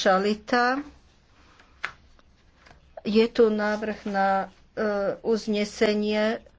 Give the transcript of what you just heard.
Čalita. Je tu návrh na e, uznesenie